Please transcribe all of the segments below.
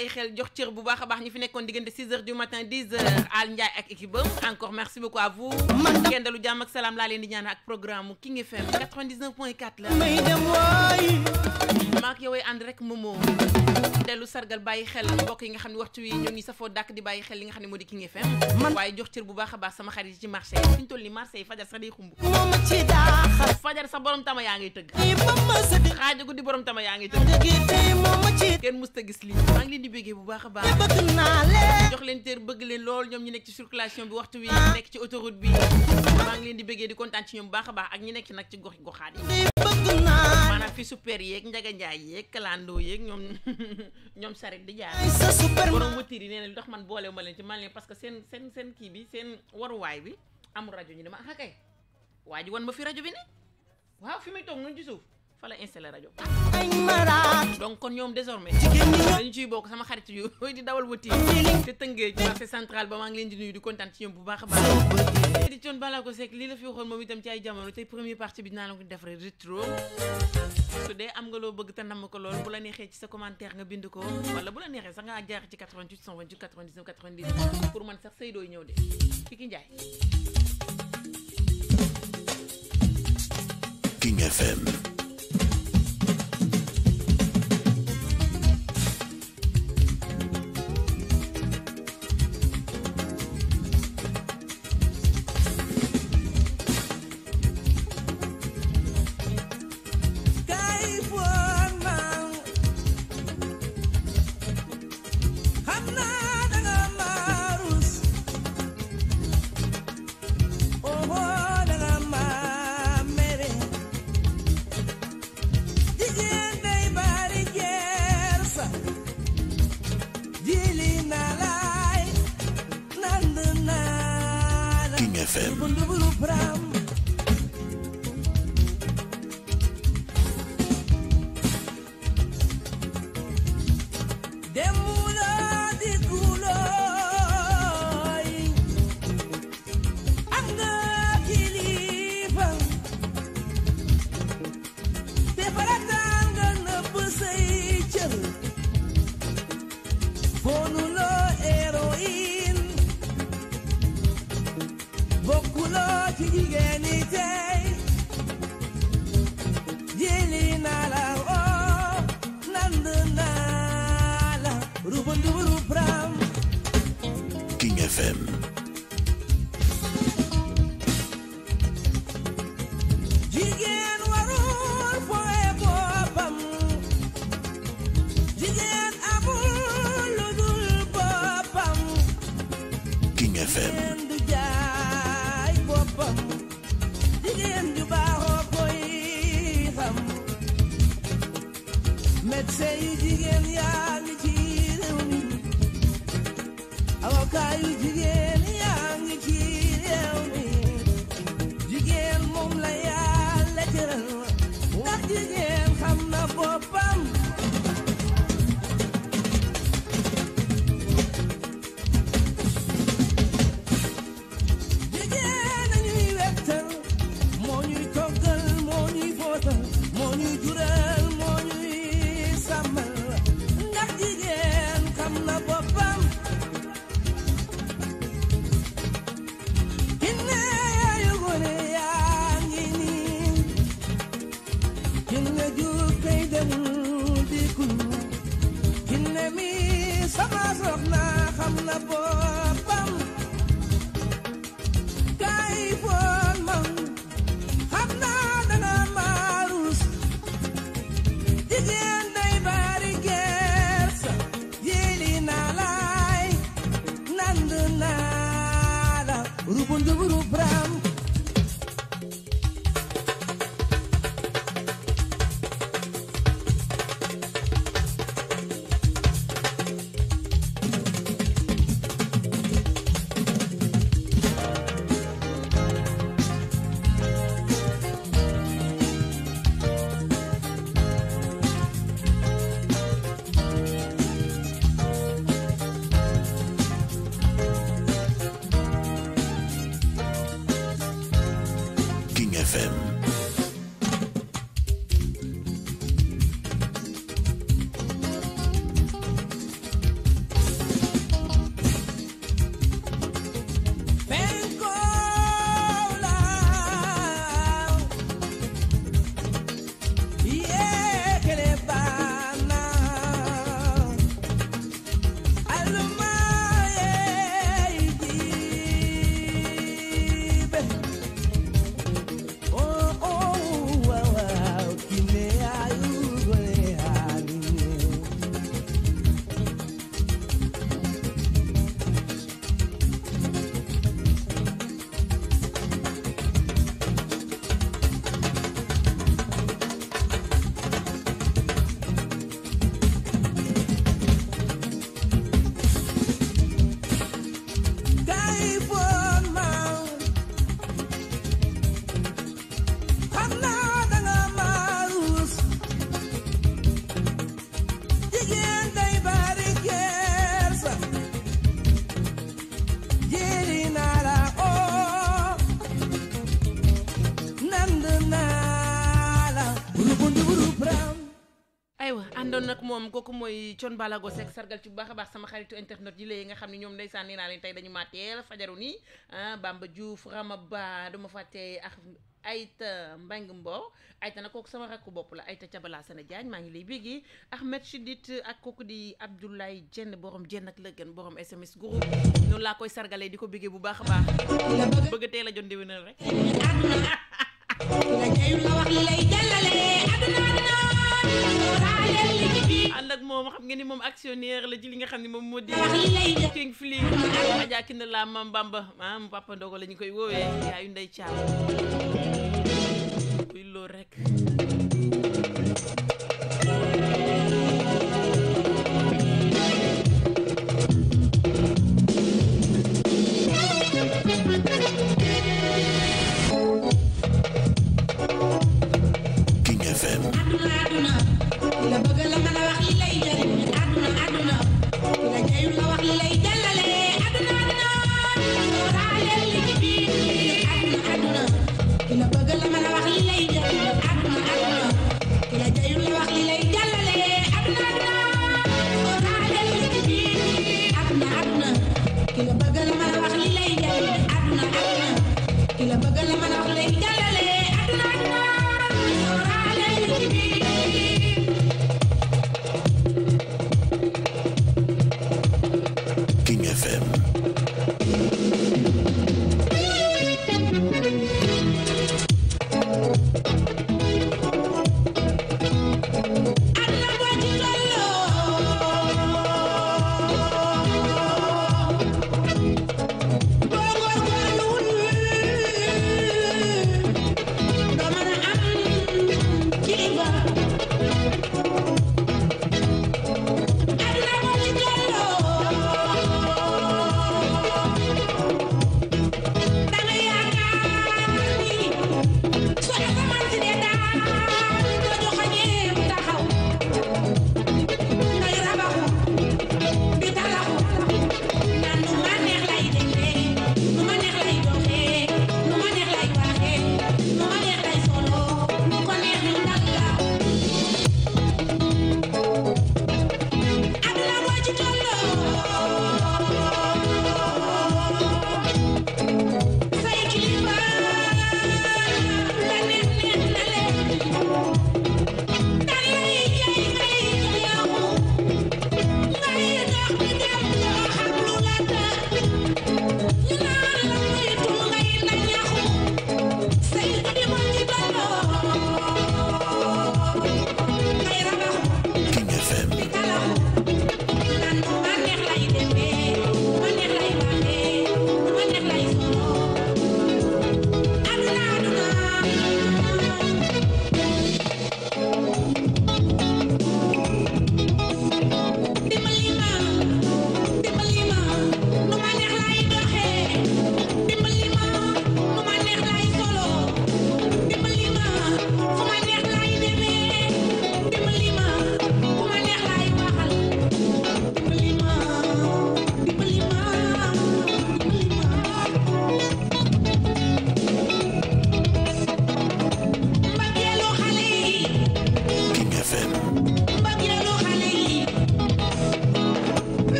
ay xel jox cër bu baax a baax ñi fi nekkoon diggante 6 heures du matin 10 heures Al Ndiaye ak équipe am encore merci beaucoup à vous ngeen dalu jàmm ak salaam laa leen di ñaan ak programme King FM 99.4 la mak yow and rek momo delu sargal baye xel mbokk yi nga xamni waxtu wi ñu ngi safoo dak di baye xel li nga xamni modi King FM waye jox ciir bu baax ba sama xarit ci marché yi suñ toll ni marché yi fajar sax day xumb fajar sa borom tama ya ngay tëgg xaaja guddi borom tama ya ngay teug momo ci ken musta gis li ma ngi leen di bëggé bu baax a baax jox leen teer bëgg leen lool ñom ñi nekk ci circulation bi waxtu wi ah. nekk ci autoroute bi ma ngi leen di bëggé di kontaan ci ñom bu baax a ak ñi nekk nak ci gox goxaat yi maanaam fi super yeeg njaga njaay yeeg kalandoo yeeg ñoom ñoom saret di jaar borom wëtiir yi nee na lu ndox man boolewu ma leen ci man ne parce que seen seen kii bi seen waruwaay bi amul rajo ñi dama ah kay waa ji wan ma fi rajo bi ne waaw fi muy toog noonu ci suuf fa la installé rajo donc kon ñoom désormais dañu ciy bokk sama xarit yu di dawal wuti te tëngee ci marché central ba maa ngi leen di nuyu di kontaan ci ñoom bu baax baax di coon balaa ko seek lii la fi waxoon moom itam ci ay jamono tey première partie bi dinaa la ko def rek rétro su dee am nga loo bëgg te namm ko lool bu la neexee ci sa commentaire nga bind ko wala bu la neexee sax nga jaar ci 88 128 99 90 pour man sax Seydou ñëw de Kiki Ndiaye King FM moom kooku mooy Thione Ballago Seck sargal ci bu baax a baax sama xaritu internet yi léegi nga xam ne ñoom ndeysaan nee naa leen tey dañu maa teel fajaru ni ah, Bamba Diouf Rama Ba duma fàtte ak Ayta mbàng Mbow Ayta nag kooku sama rakku bopp la Ayta Cabala Sane Diagne maa ngi lay béggi Ahmed Chidit ak kooku di Abdoulaye Jenn borom Jenn ak lëgën borom SMS groupe noonu laa koy sargalee di ko béggee bu baax a baax bëgg teel a jot déwénal rek ànd ak moom xam nga ni moom actionnaire la ci li nga xam ne moom moo di ah, King Fly ah, ak Adja Kiné la Mam Bamba maam ah, Papa Ndogo la ñu koy woowee yaayu Ndey Caam kuy loolu rek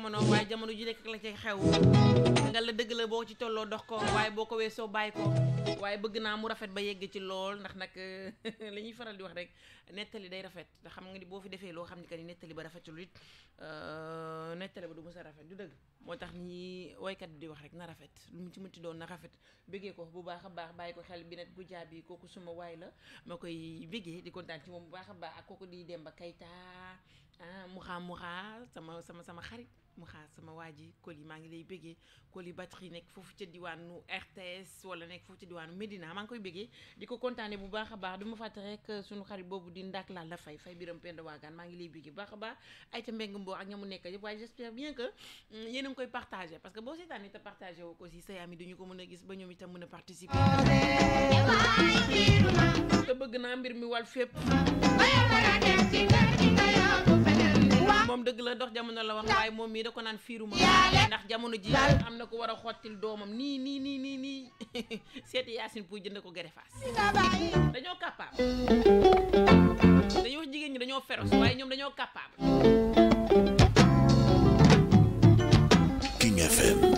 jamono waaye jamono ji rek la ci xew nga la deug la bo ci tolo dox ko waaye boko weso bayiko bàyyi beug na mu rafet ba yegg ci lol ndax nak li faral di wax rek netali day rafet te xam nga ni bo fi defé lo xamni kan netali ba rafet ba rafetul euh, ba du sa rafet du deug motax ni way kat di wax rek na rafet lu mu ci do na rafet bëggee ko bu baakha baax bayiko ko xel bi net gu jaab koku suma way la makoy di kontaan ci mom bu baakha baax ak di Demba Kayta ah muxaa muxaa sama sama sama xarit mu xaar sama waa ji Coly maa ngi lay bëggee Coly Battery nekk foofu ca diwaanu RTS wala nekk foofu ca diwaanu Medina maa ngi koy bëggee di ko kontaane bu baax a baax du ma fàtte rek uh, sunu xarit boobu di ndak laa la fay fay biram Penda Waagaan maa ngi lay bëggee bu baax a baax ay ta mbeng mboo ak ñamu nekk yëpp waaye j'espère bien que mm, yéen a ngi koy partagé parce que boo seetaanee te partagé wu ko si say ami duñu ko mën a gis ba ñoom itam mën a participer te bëgg naa mbir mi wal fépp moom dëgg la dox jamono la wax waaye moom mii da ko naan fiiruma ndax jamono ji am na ko war a xottil doomam nii nii nii nii nii seeti yaasin pour jënd ko gere faas dañoo capable dañuy wax jigéen ñi dañoo féroce capable King FM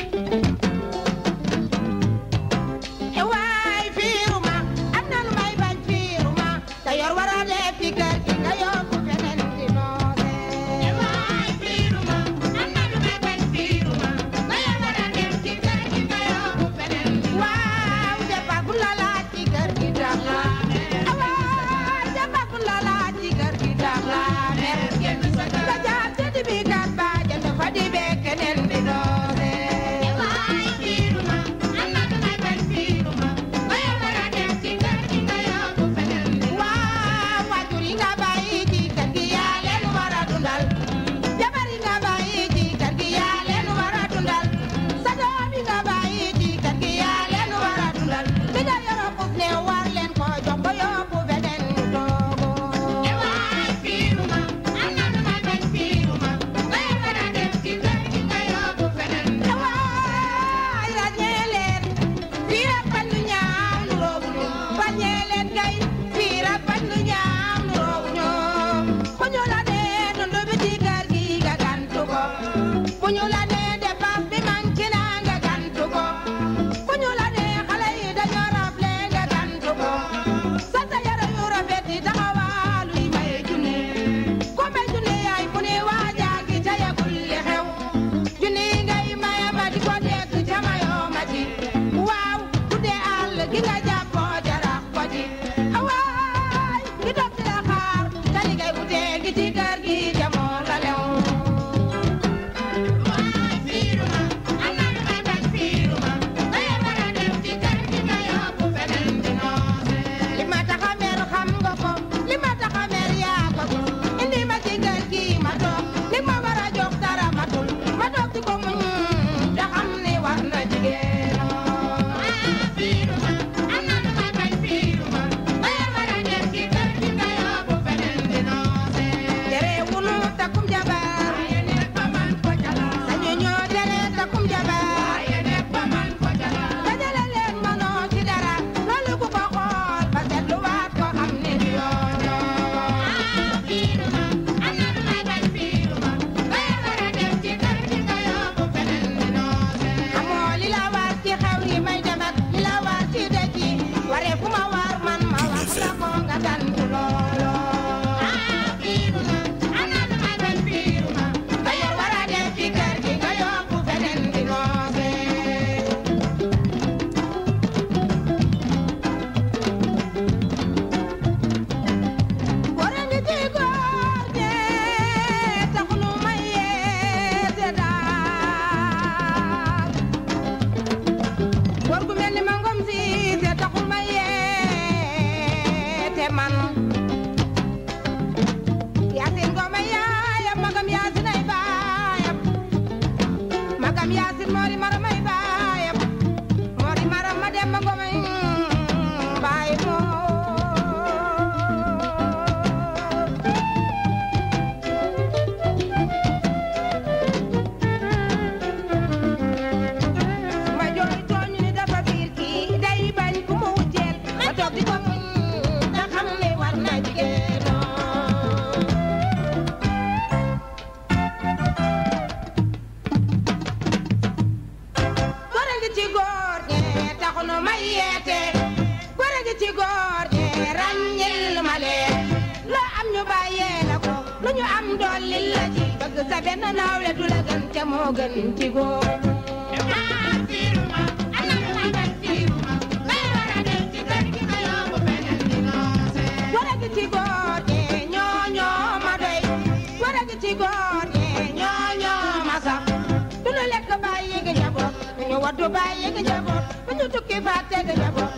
du bàyyi nga you took ñu tukki fàtte nga njaboot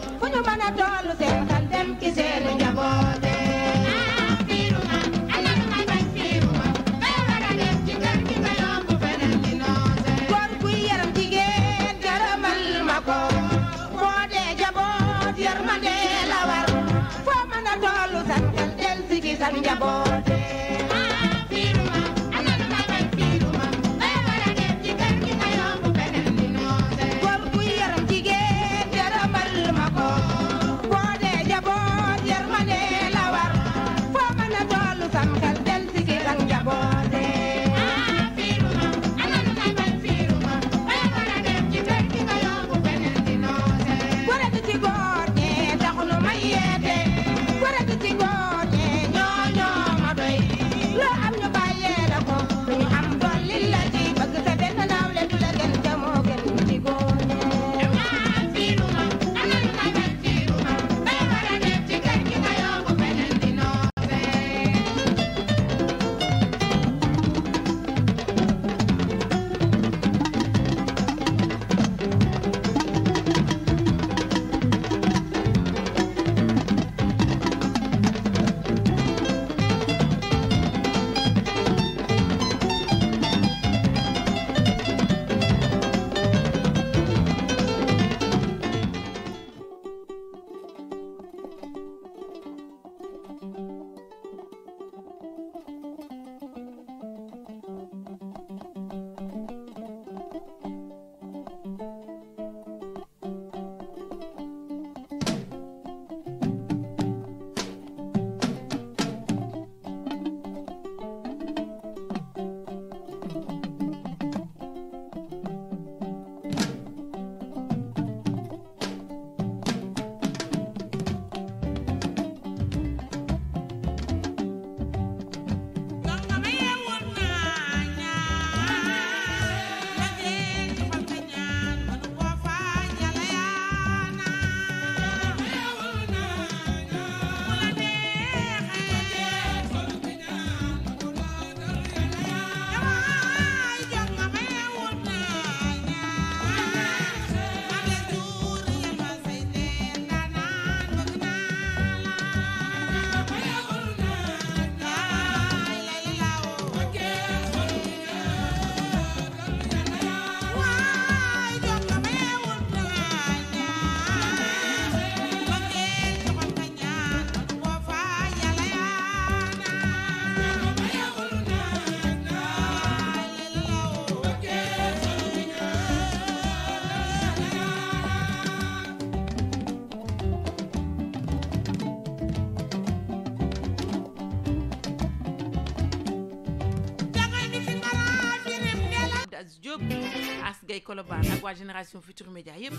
Gueye waa Génération Futur Média yépp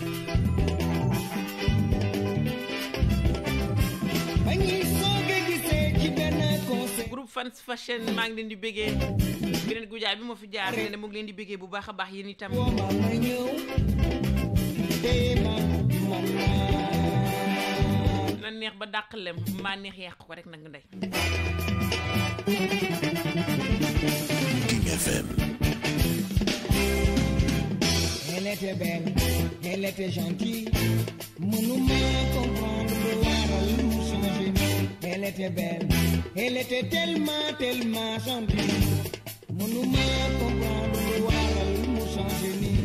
groupe maa ngi leen di bëggee beneen gujaay bi fi jaar nee di bëggee bu baax baax yéen neex ba dàq lem maa neex yàq ko rek nag ndey elle était belle, elle était gentille. Mon est comprendre le nous changer. Elle était belle, elle était tellement, tellement gentille. comprend, comprendre le nous changer.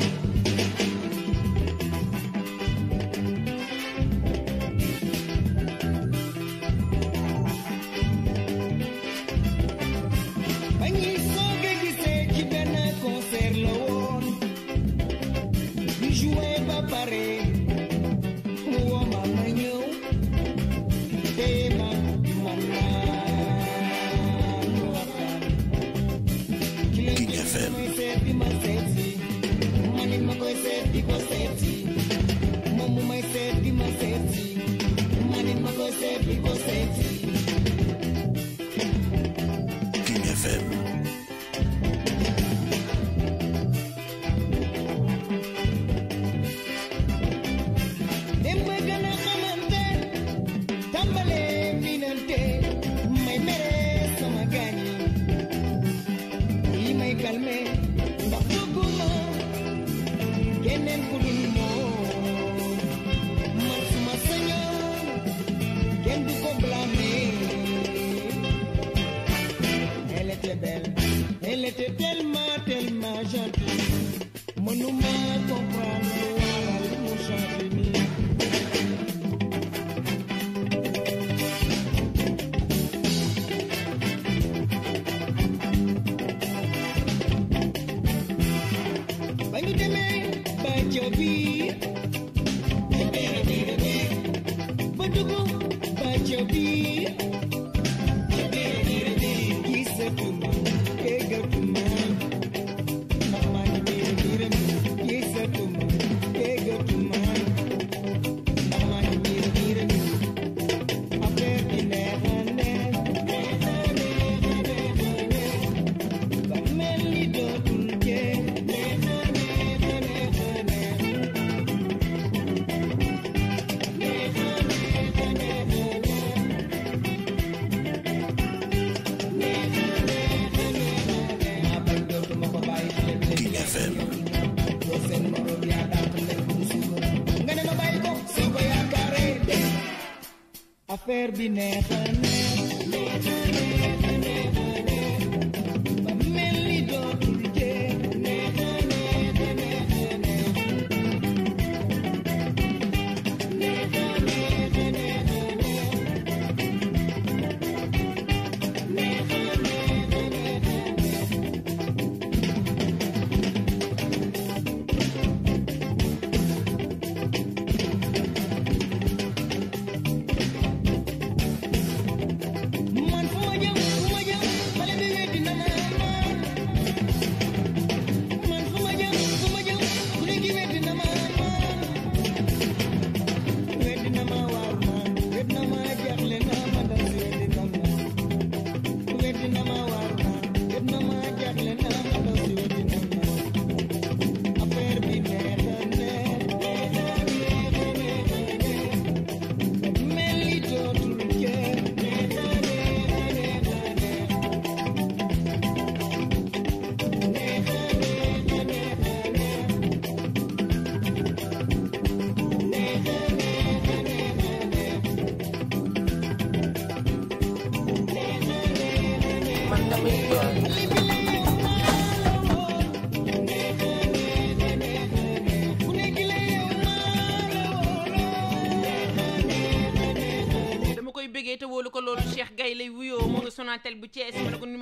never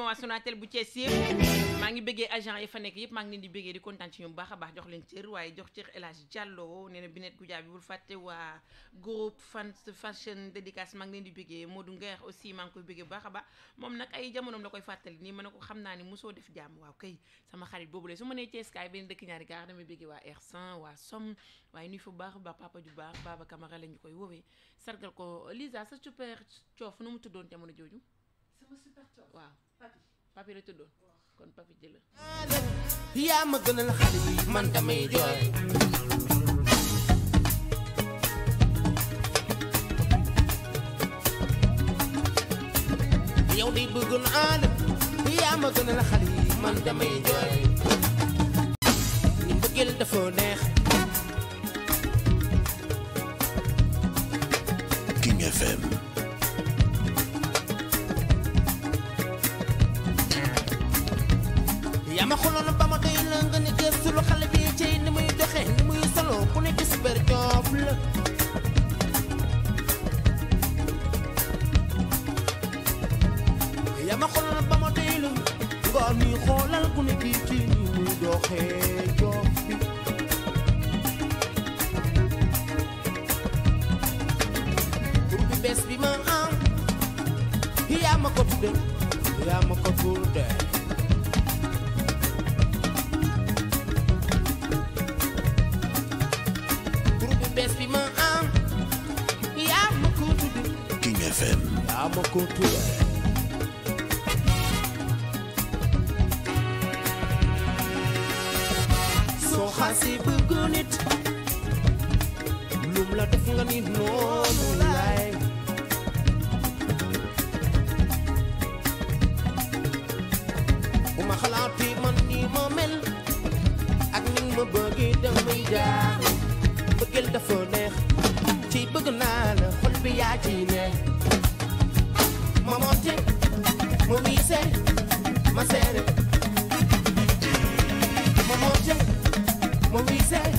wa sonatel bu ci sif ma ngi beggé agent yi ya fa nek yépp ma ngi di beggé di kontaan ci ñu baaxa baax jox leen cër waye jox cër élage Diallo binet Goudia bi bul faté wa groupe fans fashion dédicace ma ngi di beggé Modou Nguer aussi ma ngi koy beggé baaxa baax mom nak ay jamono la koy ni mané ko xamna ni muso def jàmm waaw kay sama xarit boobu la su ma nee Thiès kaay dëkk ñaari gaar dama beggé wa R100 wa som waye ñu fu baax papa ju baax Baba Camara lañ koy liza, sargal ko Lisa sa super chof, nu mu tudon jamono jooju sama super chof, waaw papi la tuddoon kon papi jëla yaa ma gënal xale bi man damay jooy yow day bëgg naa la yaa ma gënal xale yi man damay jooy ni mbëggeel dafa neex King FM reason.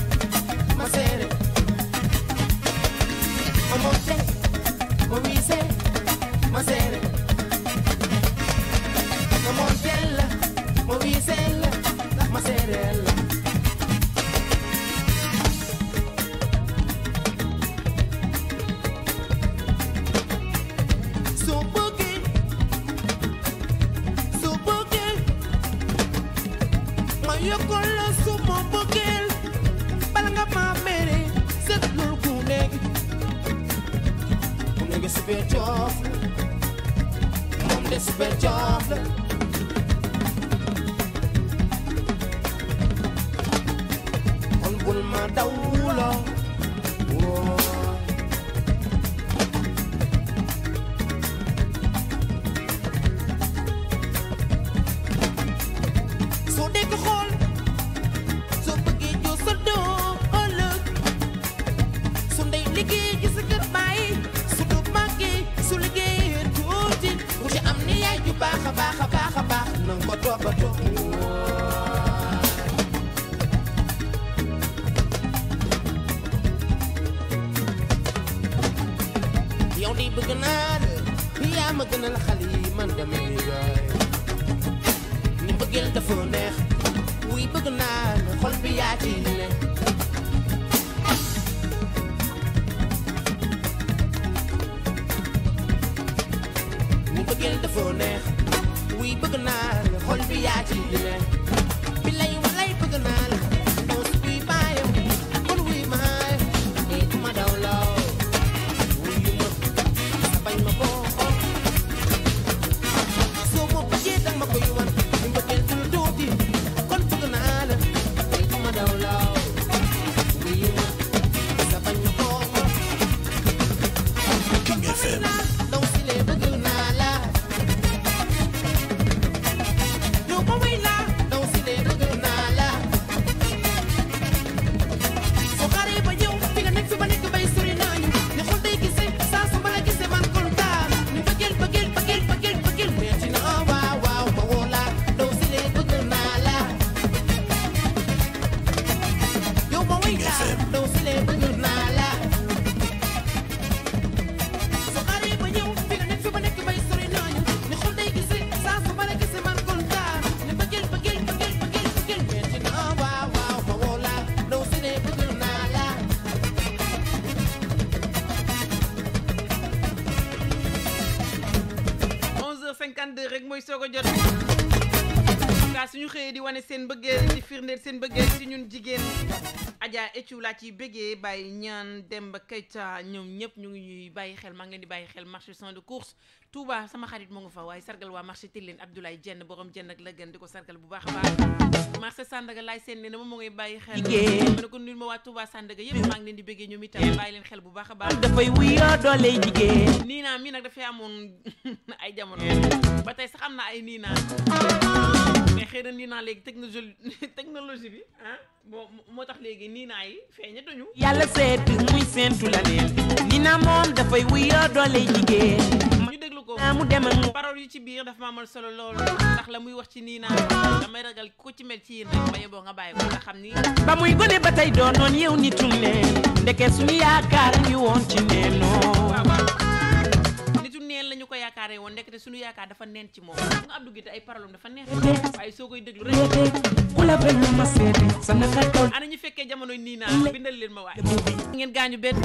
olùbíyà jìnnà. wane seen bëggeel di firndeel seen bëggeel ci ñun jigéen Adja Ethiou laa ciy bëggee bàyyi ñaan Demba Keita ñoom ñëpp ñu ngi ñuy bàyyi xel maa ngi leen di bàyyi xel marché sans course Touba sama xarit mu nga fa waaye sargal waa marché Tilène Abdoulaye Dieng borom Dieng ak la gën di ko sargal bu baax a baax marché Sandaga laay seen ne na moom a nii naa mii nag dafay amoon ay na nii naa mais xëy na nii naa léegi technologie technologie bi ah moo moo tax léegi nii naa yi feeñatuñu la neen nii naa moom dafay wuyoo doole jigéen ñu déglu ko mu dem ak mu parole yu ci biir dafa ma amal solo loolu ndax la muy wax ci nii naa damay ko ci mel ci yéen rek ba nga bàyyi ko nga xam ni ba muy gone ba tey doon noon yeew ni tunne ndeke suñu yaakaar ngi woon ci neenoo ñu ko yaakaaree woon nekk suñu yaakaar dafa neen ci moom nga Abdou Guité ay parolam dafa neex waaye soo koy déglu rek ku la benn ma seede sa naka ana ñu fekkee jamono nii naa bindal leen ma waaye ngeen gaañu benn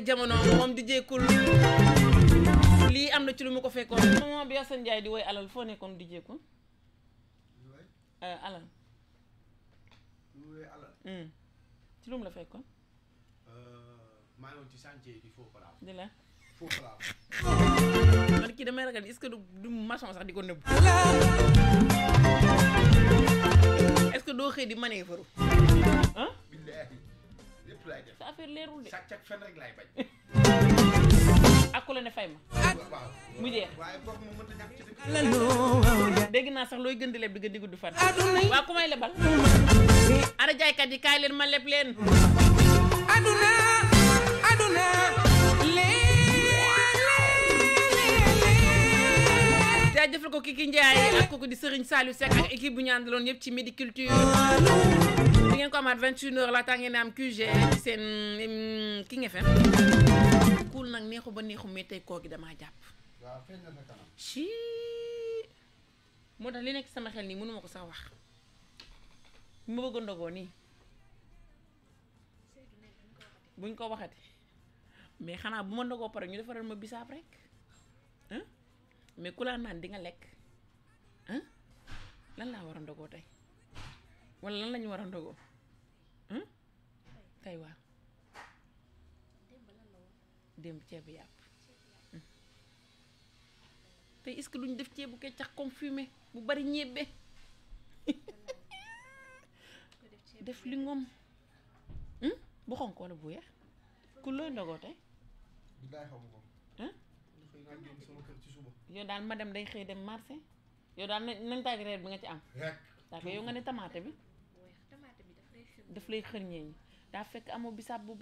ay jamono moom di jeekul lii am na ci lu mu ko fekkoon moment bi Assane Ndiaye di woy alal foo nekkoon di jeekul eh, hmm. ci lu mu la fekkoon euh, maa ngi woon ci di la man kii damay ragal est du maçon sax di ko nëbb est doo xëy di maneefaru laay def sa affaire rek laay bañ. ak la ne fay ma. mu jeex. waaye boobu a ñàkk dégg naa sax looy gën di leb di gën di gudd fan. waa ku may lebal. ana jaaykat yi kaay leen ma leb leen. aduna aduna. jaajëfal ko Kiki Ndiaye ak kooku di Serigne Saliou Seck ak équipe bu ñu àndaloon yëpp ci midi ngeen ko amaat 21h laataa ngeen am QG ci seen King FM. kuul nag neexu ba neexu mais tey koo gi damaa jàpp. waaw moo tax li nekk sama xel nii mënu ma ko sax wax bi ma bëgg ndogoo nii buñ ko waxati mais xanaa bu ma ndogoo pare ñu defaral ma bisaab rek mais ku laa naan di nga lekk lan laa war a ndogoo tey. wala lan lañu war a ndogoo tey hmm? waa démb ceebu yàpp hmm. tey est-ce que duñ def ceebu keccax comme fumé bu bari ñebbe def li ngom hmm? bu xonk wala bu weex ku looy ndogoo tey bilaay xamu ko yow daal ma dem day xëy dem marché yow daal nañ nañ taaj reer bi nga ci am. rek yow nga ne tamaate bi. daf lay xërñee ñi daa fekk amoo bisaab bu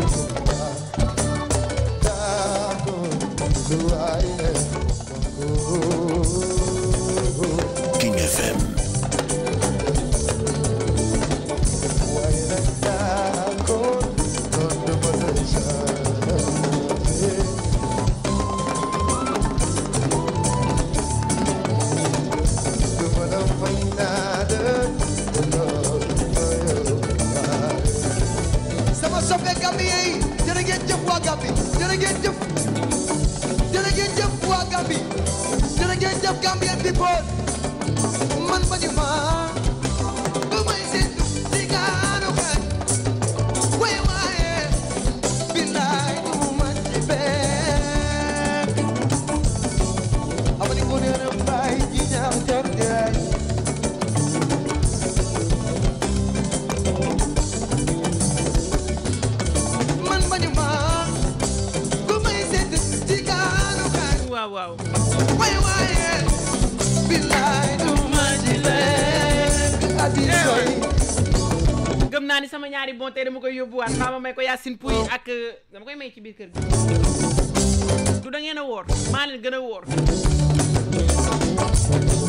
Thank you. Gabi. Delegate Jeff. Delegate Jeff Don't get Gabi. naa ni sama ñaari bonté dama koy yóbbuwaat mbaa ma may ko Yacine Pouy oh. ak euh, dama koy may ci biir kër gi du da a woor maa leen gën a woor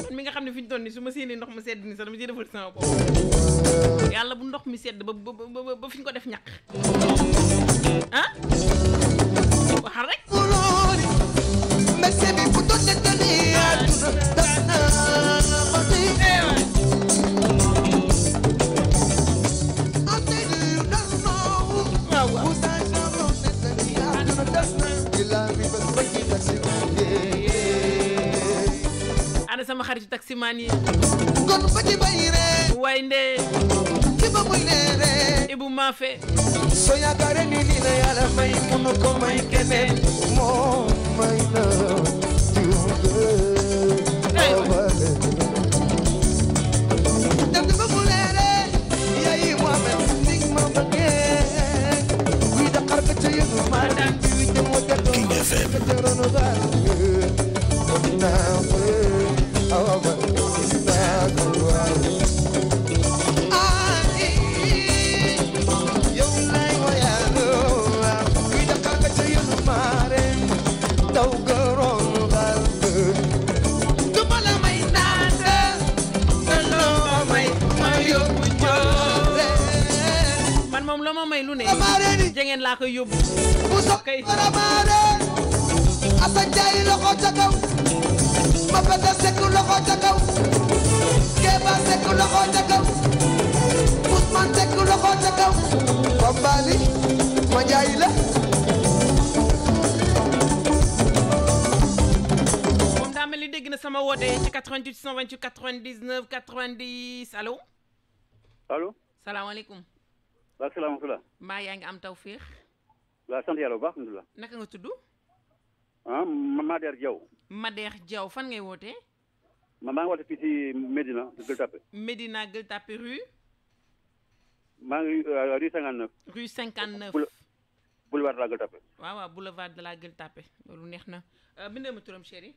mi nga xam ne fi ñu toll su ma séenee ndox ma sedd ni sax dama ciy defar sama bopp yàlla bu ndox mi sedd ba ba ba fi ñu ko def ñaq taximan yi gon ba ci bay ree way ndee ci ba muy leeree ibu maafe soo yaakaare ni lii la yàlla may munu ko may keneen moo may la King FM ngeen la koy yóbbu. bu soog Assa Ndiaye loxo ca kaw. Mapenda Seck ko ca kaw. Kéba Seck ko ca kaw. Ousmane Seck loxo ca kaw. Bambali ma Ndiaye la. moom daa mel ni dégg na sama woote ci 88 128 99 90 allo. allo salaamaaleykum. waaw salaamaaleykum. mbaa yaa ngi am tawféex. waaw sant yàlla bu baax alhamdulilah. naka nga tudd. ah Mader Diaw. Mader Diaw fan ngay wootee. ma maa ngi woote fii ci Medina Gueule Tapée. Medina Gueule Tapée rue. maa ngi euh, rue 59. rue 59. boulevard de la Gueule waaw waaw boulevard de la Gueule loolu neex na euh, bindal turam chéri.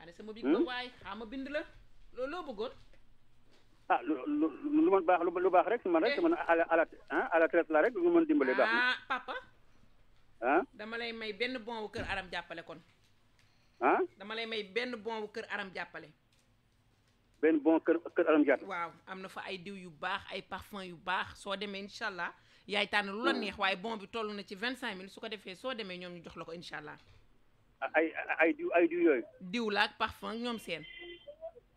ana sama biig ba hmm? waay xaa ma bind la looloo bëggoon. ah lu lu lu mën baax lu baax rek man rek man ala ala à la traite la rek lu mën dimbale baax ah papa. dama lay may benn bon wu kër aram jàppale kon. dama lay may benn bon wu kër aram jàppale. benn bon kër kër aram jàppale. waaw am na fa ay diw yu baax ay parfum yu baax soo demee incha allah yaay tànn lu la neex waaye bon bi toll na ci vingt cinq mille su ko defee soo demee ñoom ñu jox la ko incha allah. ay ay diw ay diw yooyu. diw la ak parfum ñoom seen.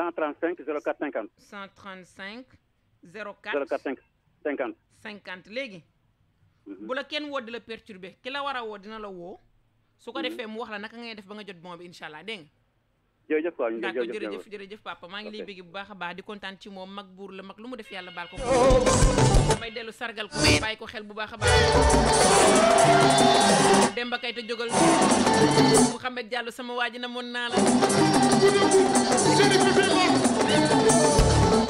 135 04 50. 135. 04 04 50. 50 léegi. Mhm. bu la kenn woo di la perturbé ki la war a woo dina la woo. su ko mhm. defee mu wax la naka ngay def ba nga jot bon bi incha allah dégg jërëjëf quoi ñu jërëjëf jërëjëf jërëjëf papa maa ngi lay bëgg bu baax a baax di kontaan ci moom mag buur la mag lu mu def yàlla baal ko may dellu sargal ko bàyyi ko xel bu baax a baax Demba Kay te jógal Mouhamed Diallo sama waa ji na moon naa la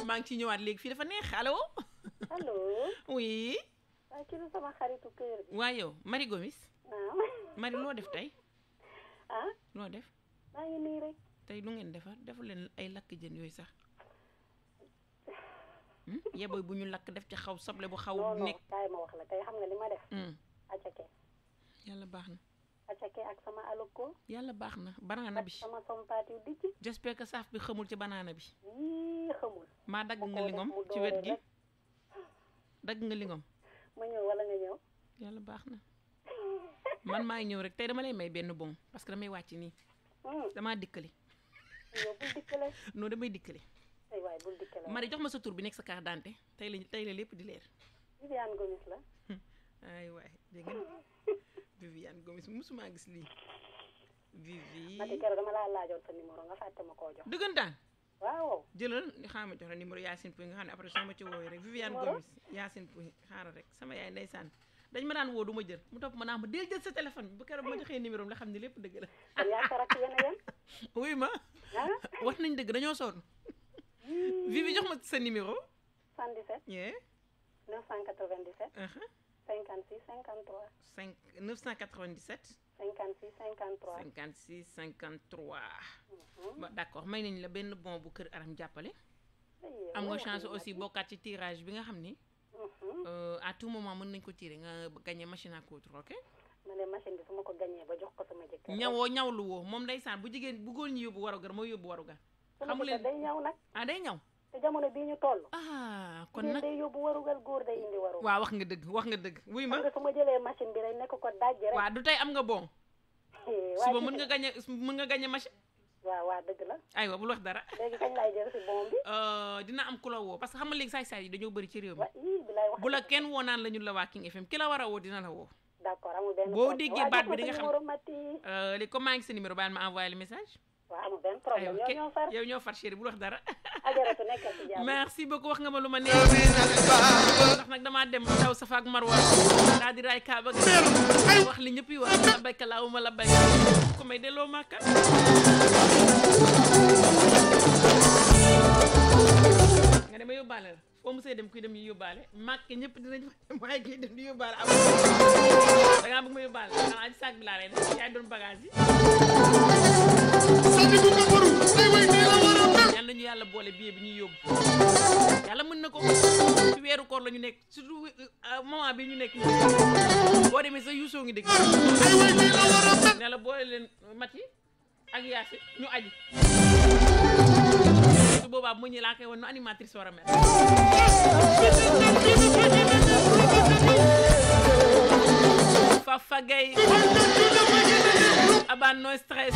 maa ngi ciy ñëwaat léegi fii dafa neex allo allo oui waaw kii sama xaritu kër gi waaw yow Marie Gomis ah. Marie loo def tey ah loo def maa ngi nii rek tey lu ngeen defar defu leen ay lakk jën yooyu sax hmm? yeboy bu ñu lakk def ci xaw soble bu xaw nekk kaay ma wax li ma def hmm. yàlla baax na acake ak baax na banaana bi sama sompaatiw dijj j'espère saaf bi xamul ci banaana bi maa dagg nga lingom ci wet gi dagg nga lingom ma ñëw wala nga ñëw yàlla baax na man maay ñëw rek tey dama lay may benn bon parce que damay wàcc nii hmm. damaa dikkali yow bul dikkale. non damay dikkale. aywaay jox ma sa tur bi nekk sa carte d'identité tey la tey la lépp di leer. Viviane Gomis la. aywaay dégg nga Viviane Gomis musuma gis lii. Vivi Mati Kero dama laa laajoon sa numéro nga koo jox. dëggantaan. waaw jëlal xaaral ma jox la numéro Yacine Pouy nga xam ne après soo ma ci woowee rek. Viviane Gomis Yacine Pouy xaaral rek sama yaay ndeysaan dañ ma daan woo du ma jël mu topp ma naa ma del jël sa téléphone bu keroog ma joxee numéro la xam ne lépp dëgg la wuy ma ah. wax nañ dëgg dañoo sonn hmm. Vivi jox ma sa numéro 77 yeah 997 56 53 5 997 56 53 56 53 d'accord may nañ la benn bon bu kër aram jàppale am nga chance aussi bokkaat ci tirage bi nga xam ni Euh, à tout moment mën nañ ko tiire nga gagné machine à coudre ok. ma ne machine bi su ma ko gagné ba jox ko sama jëkkër. ñawoo ñawlu woo moom ndeysaan bu jigéen bu góor ñi yóbbu warugar mooy yóbbu warugar. xamu leen day ñaw nag. ah day ñaw. te jamono bii ñu toll. ah kon nag day yóbbu warugar góor day indi warugar. waaw wax nga dëgg wax nga dëgg. wuy ma su ma jëlee machine bi rek nekk ko dajji rek. waaw du tey am nga bon. suba mën nga gagné mën nga gagné machine. waaw waa dëgg la. aywa bul wax dara. Euh, dina am ku la woo parce que xam nga léegi saay-saay yi dañoo bëri ci réew mi. bu la kenn woo naan la ñu la waa King FM ki la war a woo dina la woo. d'accord amul benn boo déggee baat bi di nga xam euh, léegi comme maa ngi sa numéro baal ma envoyé le message. waaw amul benn problème yow ñoo far yow bul wax dara. ajaratu nekkal ci wax nga ma lu ma neex. ndax nag damaa dem taw Safa ak Marwa daal di raay Kaaba wax li ñëpp yi wax la bayka laaw ma la bayka ku may delloo Màkka nga dama yóbbaale la foo mu see dem kuy dem yi yóbbaale màkk ñëpp dinañ waaye kuy dem di yóbbaale am da ngaa bëgg ma yóbbaale xanaa ci saag bi laa lay def yaay doon bagage yi sandi bu nabaru la war a mel yàlla ñu boole billet bi ñuy yóbbu yàlla mën na ko ci weeru koor la ñu nekk surtout euh, bi ñu nekk nii boo demee sa yuusoo ngi dégg ay way nii la war la boole leen mat yi ak yaasi ñu aji su boobaa mu ñi laa nu animatrice war a mel Fafa Gaye Aba No Stress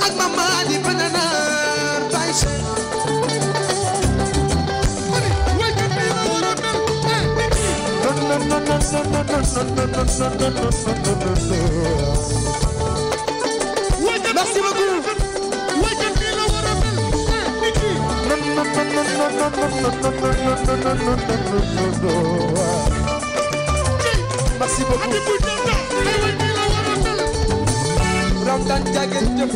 ak mama di banana Merci beaucoup. Merci eh, beaucoup. Raw daan jaageen jëf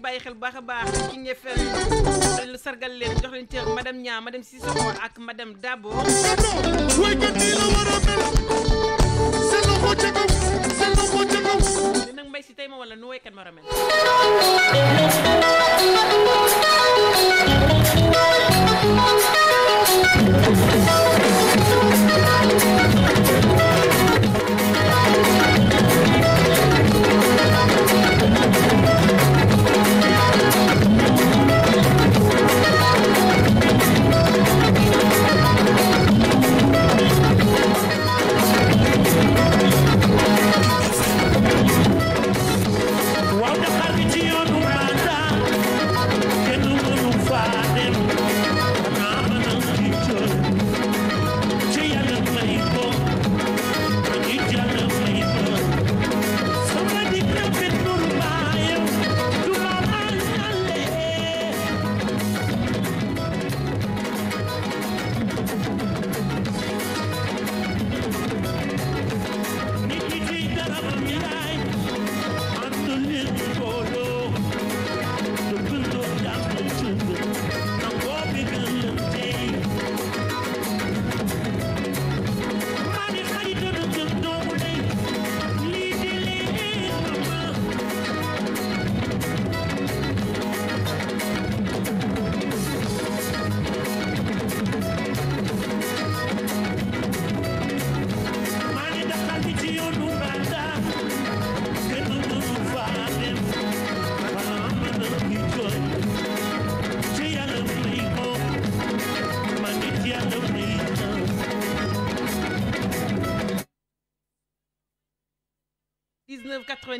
bàyyi xel bu baax a baax ki nge fel leen sargal leen jox leen cër madame Niang madame Sissoko ak madame Dabo Dinang may sitay mo wala nuwe kan maramen. Thank you.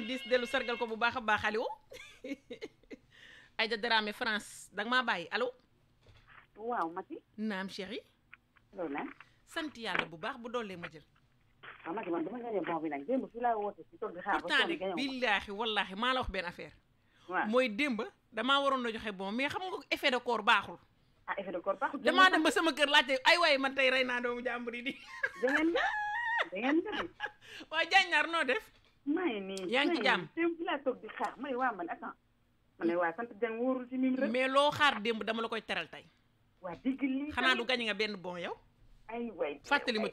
dis de sargal ko bu baax a baax allo Aïda Dramé France danga maa bàyyi allo. waaw Mati. naam chéri. loolu la. sant yàlla bu baax bu doolee ma jël. waaw ah, Mati man dama gagné bon bi nag démb fii laa woote si toog di xaar. pourtant nag billaahi wallaahi maa la wax benn affaire. waaw mooy démb damaa waroon na joxe bon mais xam nga effet de corps baaxul. Ah, effet de corps baaxul. damaa dem ba sama kër laajte ay waay man tey rey naa doomu jàmbur yi di. dangeen def dangeen def. waaw Diagne Nar noo def. may nii yaa ngi ci jàmm démb laa toog di xaar may waa man attends ma waa sant jàng wóorul ci mim mais loo xaar démb dama la koy teral tey waa digg lii xanaa du gañe nga benn bon yaw ay waay fàttali ma